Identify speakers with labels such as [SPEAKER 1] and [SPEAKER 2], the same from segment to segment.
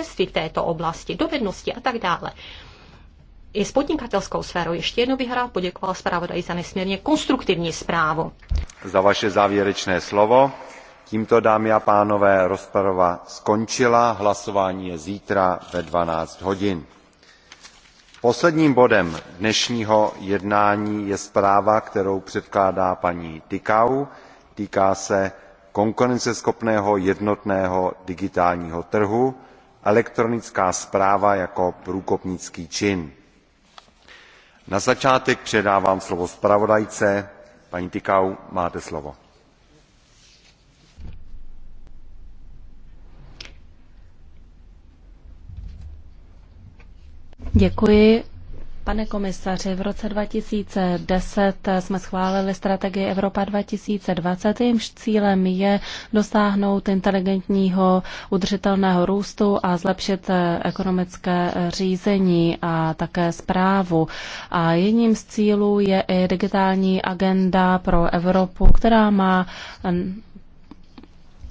[SPEAKER 1] partnerství v této oblasti, dovednosti a tak dále. I s podnikatelskou sférou ještě jednou bych rád poděkoval zpravodaji za nesmírně konstruktivní zprávu.
[SPEAKER 2] Za vaše závěrečné slovo. Tímto, dámy a pánové, rozprava skončila. Hlasování je zítra ve 12 hodin. Posledním bodem dnešního jednání je zpráva, kterou předkládá paní Tikau. Týká se konkurenceschopného jednotného digitálního trhu elektronická správa jako průkopnický čin. na začátek předávám slovo zpravodajce. paní icu máte slovo.
[SPEAKER 3] Děkuji, Pane komisaři, v roce 2010 jsme schválili strategii Evropa 2020. Jejímž cílem je dosáhnout inteligentního udržitelného růstu a zlepšit eh, ekonomické eh, řízení a také zprávu. A jedním z cílů je i digitální agenda pro Evropu, která má eh,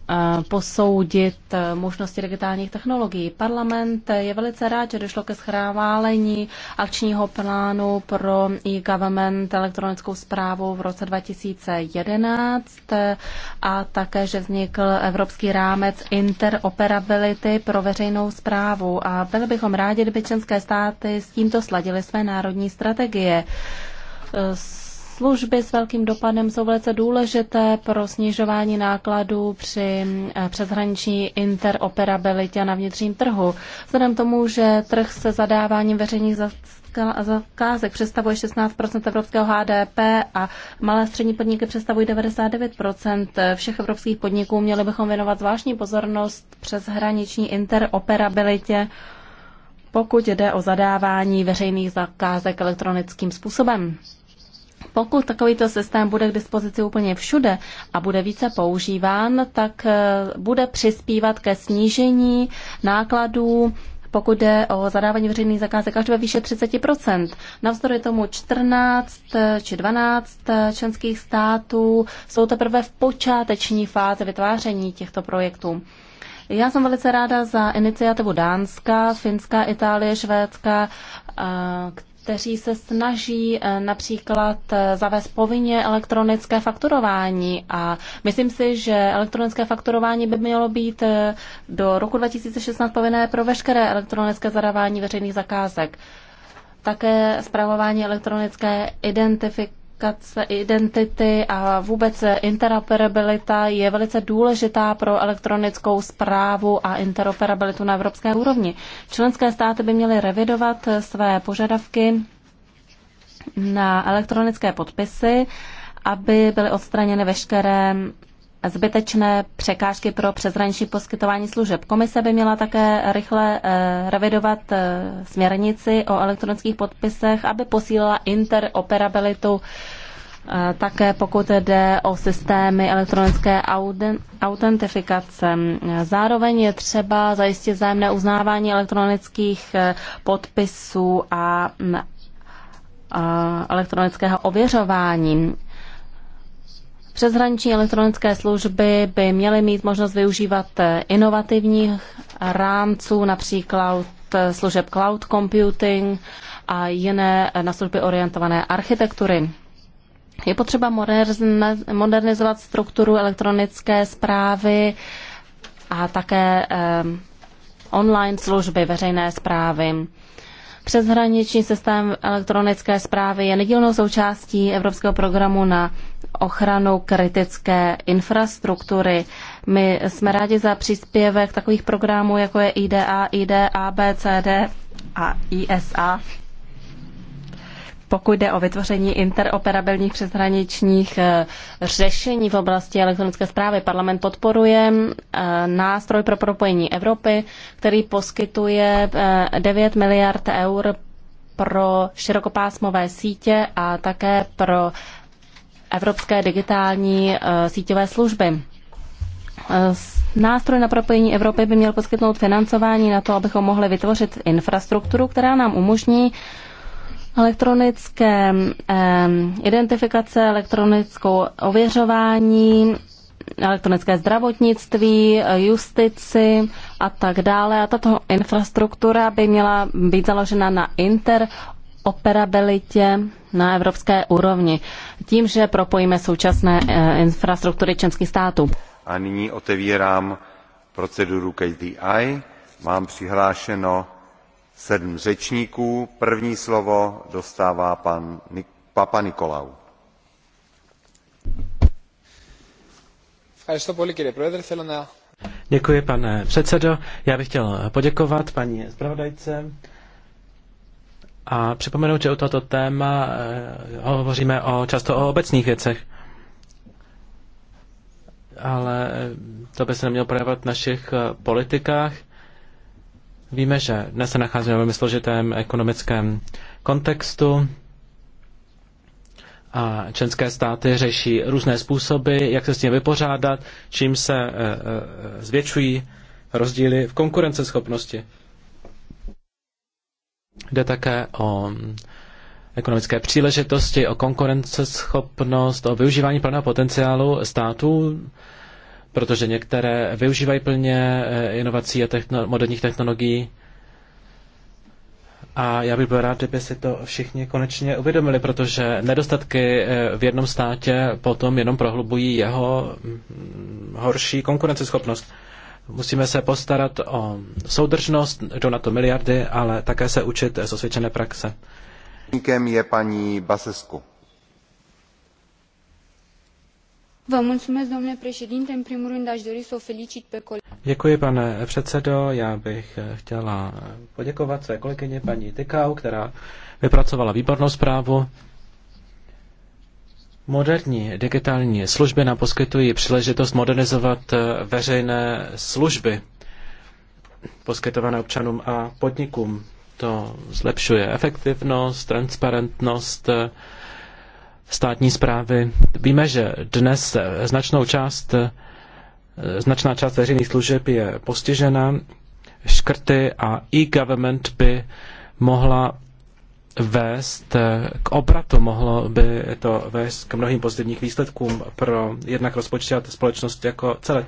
[SPEAKER 3] Eh, posoudit eh, možnosti digitálních technologií. Parlament je velice rád, že došlo ke schválení akčního plánu pro e-government elektronickou zprávu v roce 2011 eh, a také, že vznikl evropský rámec interoperability pro veřejnou zprávu a byli bychom rádi, kdyby členské státy s tímto sladily své národní strategie. S Služby s velkým dopadem jsou velice důležité pro snižování nákladů při eh, přeshraniční interoperabilitě na vnitřním trhu. Vzhledem tomu, že trh se zadáváním veřejných zakázek představuje 16 evropského HDP a malé střední podniky představují 99 všech evropských podniků, měli bychom věnovat zvláštní pozornost přeshraniční interoperabilitě pokud jde o zadávání veřejných zakázek elektronickým způsobem. Pokud takovýto systém bude k dispozici úplně všude a bude více používán, tak eh, bude přispívat ke snížení nákladů pokud jde o zadávání veřejných zakázek až ve výše 30 Navzdory tomu 14 eh, či 12 eh, členských států jsou teprve v počáteční fázi vytváření těchto projektů. Já jsem velice ráda za iniciativu Dánska, Finska, Itálie, Švédska, kteří se snaží eh, například eh, zavést povinně elektronické fakturování. A myslím si, že elektronické fakturování by mělo být eh, do roku 2016 povinné pro veškeré elektronické zadávání veřejných zakázek. Také zpravování elektronické identifikace Komunikace identity a vůbec interoperabilita je velice důležitá pro elektronickou zprávu a interoperabilitu na evropské úrovni. Členské státy by měly revidovat své požadavky na elektronické podpisy, aby byly odstraněny veškeré zbytečné překážky pro přeshraniční poskytování služeb. Komise by měla také rychle eh, revidovat eh, směrnici o elektronických podpisech, aby posílila interoperabilitu eh, také pokud jde o systémy elektronické autentifikace. Zároveň je třeba zajistit zájemné uznávání elektronických podpisů a mm, elektronického ověřování. Přeshraniční elektronické služby by měly mít možnost využívat eh, inovativních rámců, například eh, služeb cloud computing a jiné eh, na služby orientované architektury. Je potřeba modernizovat strukturu elektronické zprávy a také online služby veřejné zprávy. Přeshraniční systém elektronické zprávy je nedílnou součástí Evropského programu na ochranu kritické infrastruktury. My jsme rádi za příspěvek takových programů, jako je IDA, IDA, BCD a ISA, pokud jde o vytvoření interoperabilních přeshraničních eh, řešení v oblasti elektronické zprávy. Parlament podporuje eh, nástroj pro propojení Evropy, který poskytuje 9 eh, miliard eur pro širokopásmové sítě a také pro evropské digitální eh, síťové služby. Eh, nástroj na propojení Evropy by měl poskytnout financování na to, abychom mohli vytvořit infrastrukturu, která nám umožní elektronické eh, identifikace, elektronickou ověřování, elektronické zdravotnictví, justici a tak dále. A tato infrastruktura by měla být založena na inter operabilitě na evropské úrovni tím, že propojíme současné eh, infrastruktury členských států.
[SPEAKER 2] A nyní otevírám proceduru KDI. Mám přihlášeno sedm řečníků. První slovo dostává pan Papa Nikolau.
[SPEAKER 4] Děkuji, pane předsedo. Já bych chtěl poděkovat paní zpravodajce a připomenout, že u tohoto téma eh, hovoříme o, často o obecných věcech. Ale eh, to by se nemělo projevat v našich eh, politikách. Víme, že dnes se nacházíme ve velmi složitém ekonomickém kontextu a členské státy řeší různé způsoby, jak se s tím vypořádat, čím se zvětšují rozdíly v konkurenceschopnosti. Jde také o ekonomické příležitosti, o konkurenceschopnost, o využívání plného potenciálu států, protože některé využívají plně eh, inovací a techno- moderních technologií. A já bych byl rád, kdyby si to všichni konečně uvědomili, protože nedostatky eh, v jednom státě potom jenom prohlubují jeho mm, horší konkurenceschopnost. Musíme se postarat o soudržnost, jdou na to miliardy, ale také se učit z osvědčené praxe. je paní Basescu.
[SPEAKER 1] Vă mulțumesc, domnule președinte. În primul rând, aș dori să o felicit pe colegi.
[SPEAKER 4] Děkuji, pane předsedo. Já bych eh, chtěla eh, poděkovat své kolegyně paní Tykau, která vypracovala výbornou zprávu. Moderní digitální služby nám poskytují příležitost modernizovat eh, veřejné služby poskytované občanům a podnikům. To zlepšuje efektivnost, transparentnost eh, státní zprávy. Víme, že dnes eh, značnou část, značná část veřejných služeb je postižena škrty a e-government by mohla vést eh, k obratu, mohlo by to vést k mnohým pozitivním výsledkům pro jednak rozpočty a společnost jako celek.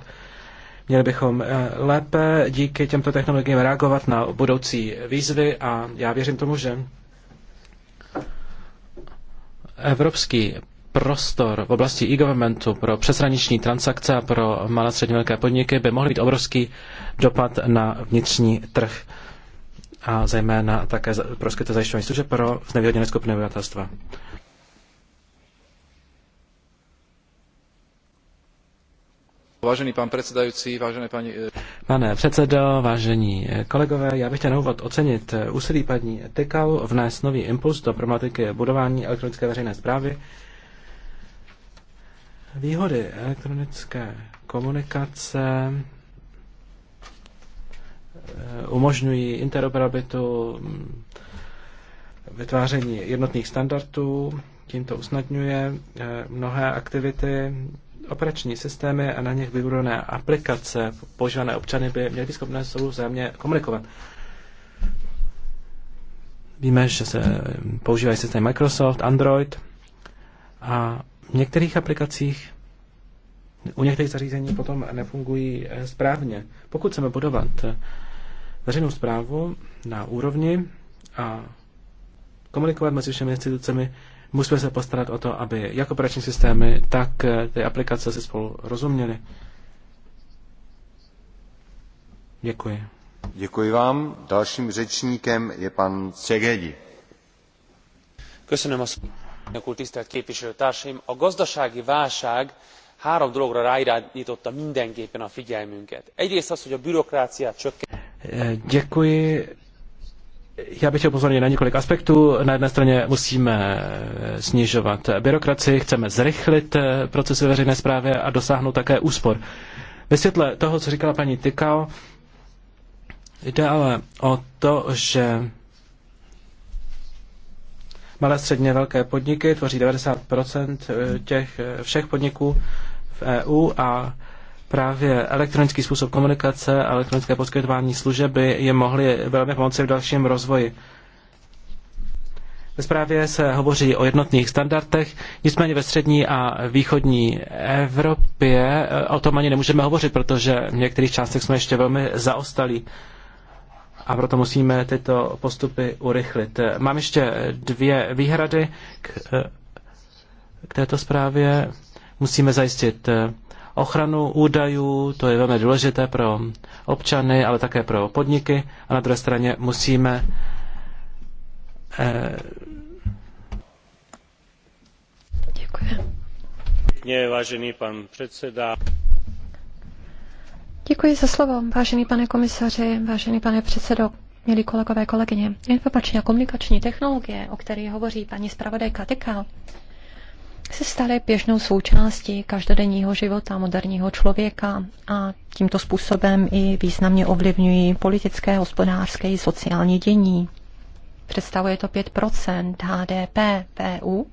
[SPEAKER 4] Měli bychom eh, lépe díky těmto technologiím reagovat na budoucí výzvy a já věřím tomu, že evropský prostor v oblasti e-governmentu pro přeshraniční transakce a pro malé a střední velké podniky by mohl být obrovský dopad na vnitřní trh a zejména také proskyty zajišťování služeb pro znevýhodněné skupiny obyvatelstva. Vážený pan předsedající, vážené paní... Eh, Pane předsedo, vážení eh, kolegové, já bych chtěl na úvod ocenit eh, úsilí paní Tykal vnést nový impuls do problematiky budování elektronické veřejné zprávy. Výhody elektronické komunikace Eh, umožňují interoperabilitu, mm, vytváření jednotných standardů, tím to usnadňuje eh, mnohé aktivity, operační systémy a na nich vybudované aplikace používané občany by měly být schopné spolu vzájemně komunikovat. Víme, že se používají systém Microsoft, Android a v některých aplikacích u některých zařízení potom nefungují eh, správně. Pokud chceme budovat veřejnou zprávu na úrovni a komunikovat mezi všemi institucemi. Musíme se postarat o to, aby jak operační systémy, tak eh, ty aplikace si spolu rozuměly. Děkuji.
[SPEAKER 2] Děkuji vám. Dalším řečníkem je pan Cegedi. Köszönöm a szót,
[SPEAKER 4] úr, tisztelt képviselőtársaim! A gazdasági válság három dologra ráirányította mindenképpen a figyelmünket. Egyrészt az, hogy a bürokráciát csökkent... Děkuji. Já bych chtěl pozornit na několik aspektů. Na jedné straně musíme snižovat byrokracii, chceme zrychlit procesy veřejné zprávy a dosáhnout také úspor. Ve světle toho, co říkala paní Tykal, jde ale o to, že malé středně velké podniky tvoří 90 eh, těch eh, všech podniků v EU a právě elektronický způsob komunikace a elektronické poskytování služeb je mohly velmi pomoci v dalším rozvoji. Ve zprávě se hovoří o jednotných standardech, nicméně ve střední a východní Evropě eh, o tom ani nemůžeme hovořit, protože v některých částech jsme ještě velmi zaostalí a proto musíme tyto postupy urychlit. Mám ještě dvě výhrady k, eh, k této zprávě. Musíme zajistit eh, ochranu údajů, to je velmi důležité pro občany, ale také pro podniky. A na druhé straně musíme eh... Děkuji. vážený pan předseda.
[SPEAKER 1] Děkuji za slovo, vážený pane komisaři, vážený pane předsedo, milí kolegové, kolegyně. Informační a komunikační technologie, o kterých hovoří paní zpravodajka Tykal, se staly běžnou součástí každodenního života moderního člověka a tímto způsobem i významně ovlivňují politické, hospodářské i sociální dění. Představuje to 5 HDP PU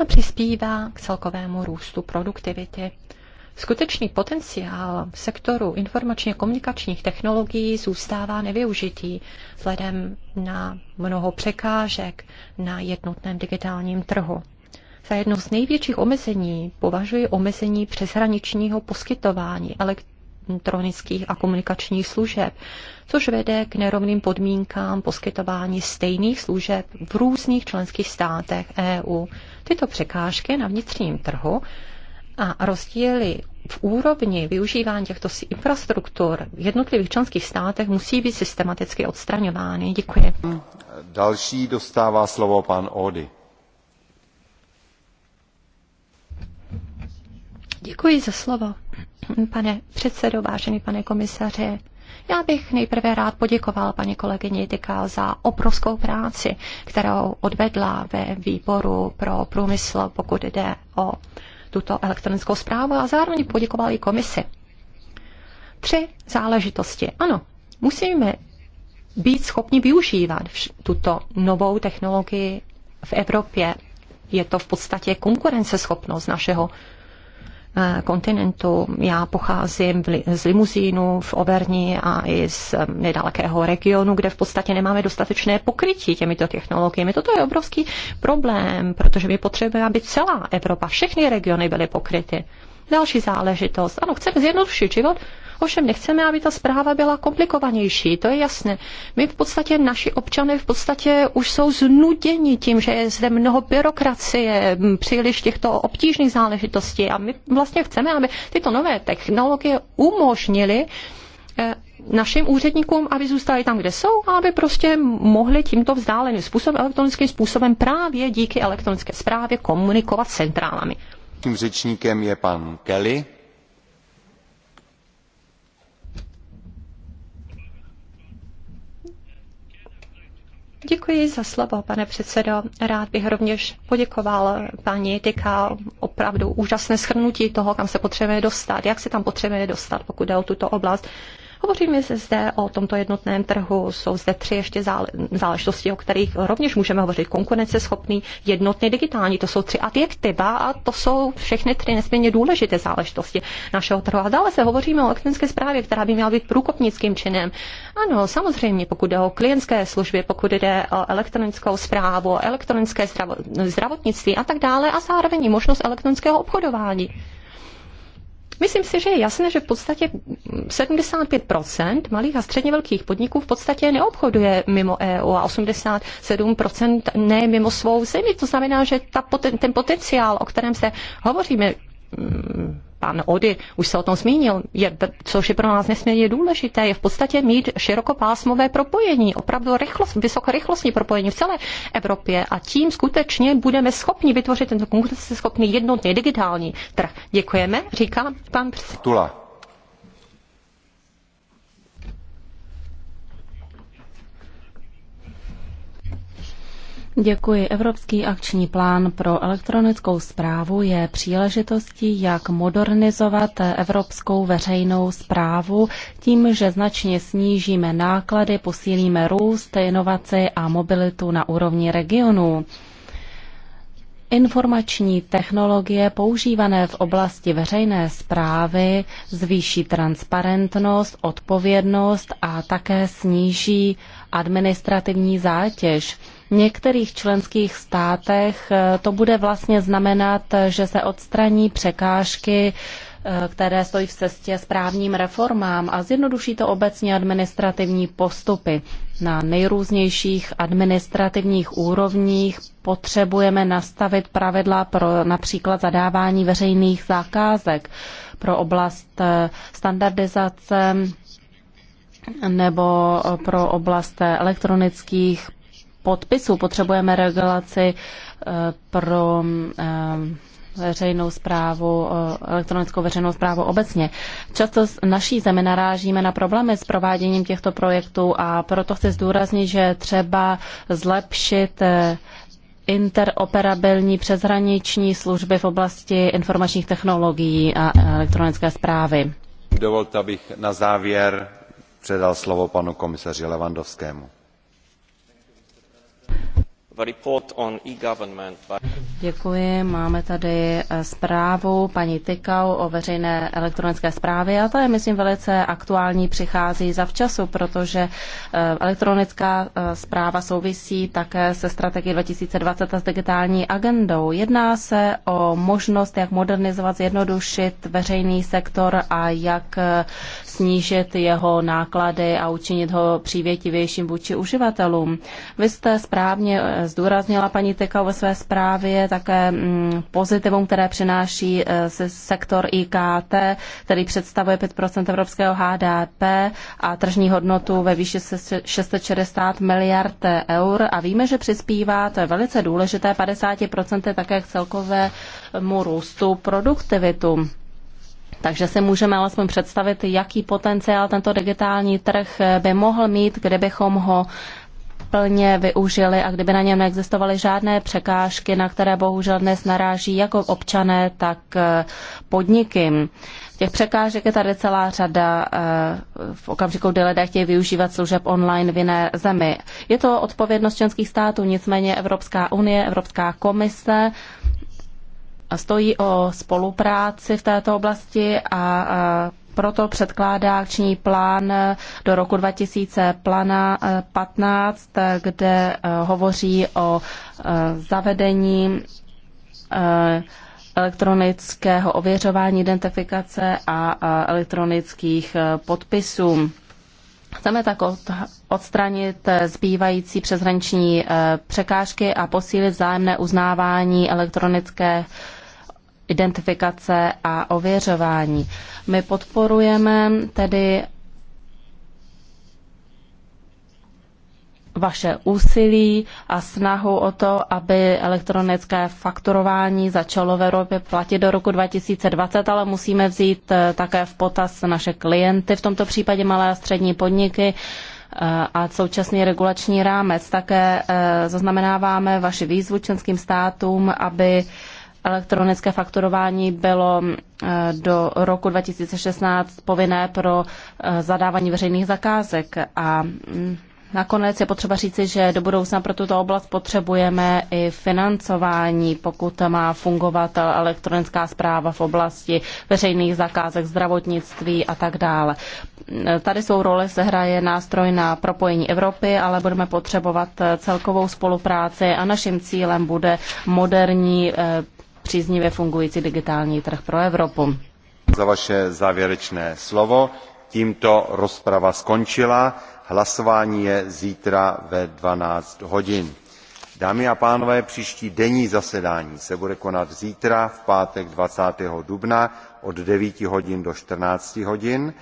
[SPEAKER 1] a přispívá k celkovému růstu produktivity. Skutečný potenciál sektoru informačně komunikačních technologií zůstává nevyužitý vzhledem na mnoho překážek na jednotném digitálním trhu. Za jedno z největších omezení považuji omezení přeshraničního poskytování elektronických a komunikačních služeb, což vede k nerovným podmínkám poskytování stejných služeb v různých členských státech EU. Tyto překážky na vnitřním trhu a rozdíly v úrovni využívání těchto infrastruktur v jednotlivých členských státech musí být systematicky odstraňovány. Děkuji.
[SPEAKER 2] Další dostává slovo pan Ody.
[SPEAKER 1] Děkuji za slovo, pane předsedo, vážený pane komisaře, Já bych nejprve rád poděkoval paní kolegyni Dykal za obrovskou práci, kterou odvedla ve výboru pro průmysl, pokud jde o tuto elektronickou zprávu a zároveň poděkoval i komisi. Tři záležitosti. Ano, musíme být schopni využívat tuto novou technologii v Evropě. Je to v podstatě konkurenceschopnost našeho Eh, kontinentu. Já pocházím z Limuzínu v Overni a i z eh, nedalekého regionu, kde v podstatě nemáme dostatečné pokrytí těmito technologiemi. Toto je obrovský problém, protože my potřebujeme, aby celá Evropa, všechny regiony byly pokryty. Další záležitost. Ano, chceme zjednodušit život, Ovšem nechceme, aby ta zpráva byla komplikovanější, to je jasné. My v podstatě, naši občané v podstatě už jsou znuděni tím, že je zde mnoho byrokracie, příliš těchto obtížných záležitostí a my vlastně chceme, aby tyto nové technologie umožnily eh, našim úředníkům, aby zůstali tam, kde jsou a aby prostě mohli tímto vzdáleným způsobem, elektronickým způsobem právě díky elektronické zprávě komunikovat s centrálami.
[SPEAKER 2] Tím řečníkem je pan Kelly
[SPEAKER 1] Děkuji za slovo, pane předsedo. Rád bych rovněž poděkoval paní Tyka opravdu úžasné schrnutí toho, kam se potřebuje dostat, jak se tam potřebuje dostat, pokud jde o tuto oblast. Hovoříme se zde o tomto jednotném trhu, jsou zde tři ještě záležitosti, o kterých rovněž můžeme hovořit. Konkurenceschopný, jednotný, digitální, to jsou tři adjektiva a to jsou všechny tři nesmírně důležité záležitosti našeho trhu. A dále se hovoříme o elektronické zprávě, která by měla být průkopnickým činem. Ano, samozřejmě, pokud jde o klientské služby, pokud jde o elektronickou zprávu, elektronické zdravotnictví a tak dále a zároveň i možnost elektronického obchodování. Myslím si, že je jasné, že v podstatě 75% malých a středně velkých podniků v podstatě neobchoduje mimo EU a 87% ne mimo svou zemi. To znamená, že ta, ten potenciál, o kterém se hovoříme, pan Ody už se o tom zmínil, je, což je pro nás nesmírně důležité, je v podstatě mít širokopásmové propojení, opravdu rychlost, vysokorychlostní propojení v celé Evropě a tím skutečně budeme schopni vytvořit tento konkurenceschopný jednotný digitální trh. Děkujeme, říká pan
[SPEAKER 2] předseda.
[SPEAKER 3] Děkuji. Evropský akční plán pro elektronickou zprávu je příležitostí, jak modernizovat evropskou veřejnou zprávu tím, že značně snížíme náklady, posílíme růst, inovaci a mobilitu na úrovni regionů. Informační technologie používané v oblasti veřejné zprávy zvýší transparentnost, odpovědnost a také sníží administrativní zátěž některých členských státech eh, to bude vlastně znamenat, eh, že se odstraní překážky, eh, které stojí v cestě s právním reformám a zjednoduší to obecně administrativní postupy. Na nejrůznějších administrativních úrovních potřebujeme nastavit pravidla pro například zadávání veřejných zakázek pro oblast standardizace nebo pro oblast elektronických podpisů, potřebujeme regulaci eh, pro eh, veřejnou zprávu, eh, elektronickou veřejnou zprávu obecně. Často z naší zemi narážíme na problémy s prováděním těchto projektů a proto chci zdůraznit, že třeba zlepšit interoperabilní přeshraniční služby v oblasti informačních technologií a elektronické zprávy.
[SPEAKER 2] Dovolte, abych na závěr předal slovo panu komisaři Levandovskému
[SPEAKER 4] the report on e government by
[SPEAKER 3] Děkuji. Máme tady eh, zprávu paní Tykau o veřejné elektronické zprávě a ta je, myslím, velice aktuální, přichází za včasu, protože eh, elektronická eh, zpráva souvisí také se strategií 2020 a s digitální agendou. Jedná se o možnost, jak modernizovat, zjednodušit veřejný sektor a jak snížit jeho náklady a učinit ho přívětivějším vůči uživatelům. Vy jste správně zdůraznila paní Tykau ve své zprávě, také mm, pozitivům, které přináší e, sektor IKT, který představuje 5 evropského HDP a tržní hodnotu ve výši 660 miliard eur. A víme, že přispívá, to je velice důležité, 50 také k celkovému růstu produktivitu. Takže si můžeme alespoň představit, jaký potenciál tento digitální trh by mohl mít, kdybychom ho plně využili a kdyby na něm neexistovaly žádné překážky, na které bohužel dnes naráží jako občané, tak eh, podniky. Těch překážek je tady celá řada eh, v okamžiku, kdy lidé chtějí využívat služeb online v jiné zemi. Je to odpovědnost členských států, nicméně Evropská unie, Evropská komise eh, stojí o spolupráci v této oblasti a proto předkládá akční plán do roku 2015, eh, kde eh, hovoří o eh, zavedení elektronického ověřování identifikace a elektronických podpisů. Chceme tak odstranit zbývající přeshraniční překážky a posílit zájemné uznávání elektronické identifikace a ověřování. My podporujeme tedy vaše úsilí a snahu o to, aby elektronické fakturování začalo v Evropě platit do roku 2020, ale musíme vzít eh, také v potaz naše klienty, v tomto případě malé a střední podniky eh, a současný regulační rámec. Také eh, zaznamenáváme vaši výzvu členským státům, aby elektronické fakturování bylo eh, do roku 2016 povinné pro eh, zadávání veřejných zakázek a mm, Nakonec je potřeba říci, že do budoucna pro tuto oblast potřebujeme i financování, pokud má fungovat elektronická zpráva v oblasti veřejných zakázek, zdravotnictví a tak dále. Tady svou roli se hraje nástroj na propojení Evropy, ale budeme potřebovat eh, celkovou spolupráci a naším cílem bude moderní příznivě fungující digitální trh pro Evropu.
[SPEAKER 2] Za vaše závěrečné slovo. Tímto rozprava skončila. Hlasování je zítra ve 12 hodin. Dámy a pánové, příští denní zasedání se bude konat zítra v pátek 20. dubna od 9 hodin do 14 hodin.